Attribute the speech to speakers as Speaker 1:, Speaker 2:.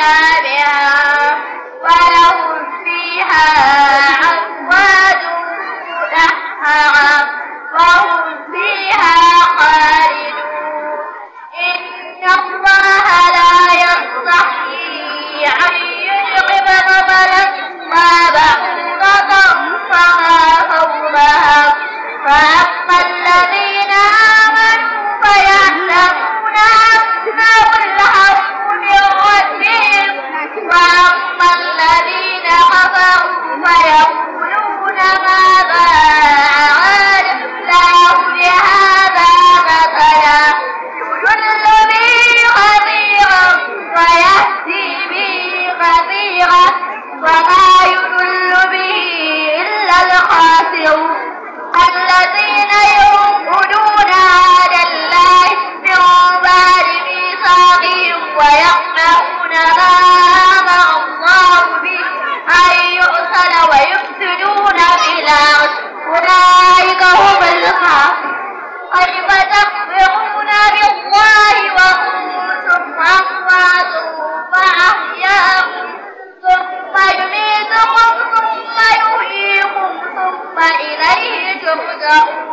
Speaker 1: أكابها ولهم فيها أزواج مطهرة أتخبرون بالله وكنتم أمواتا فأحياكم ثم يميتكم ثم يحييكم ثم إليه ترجعون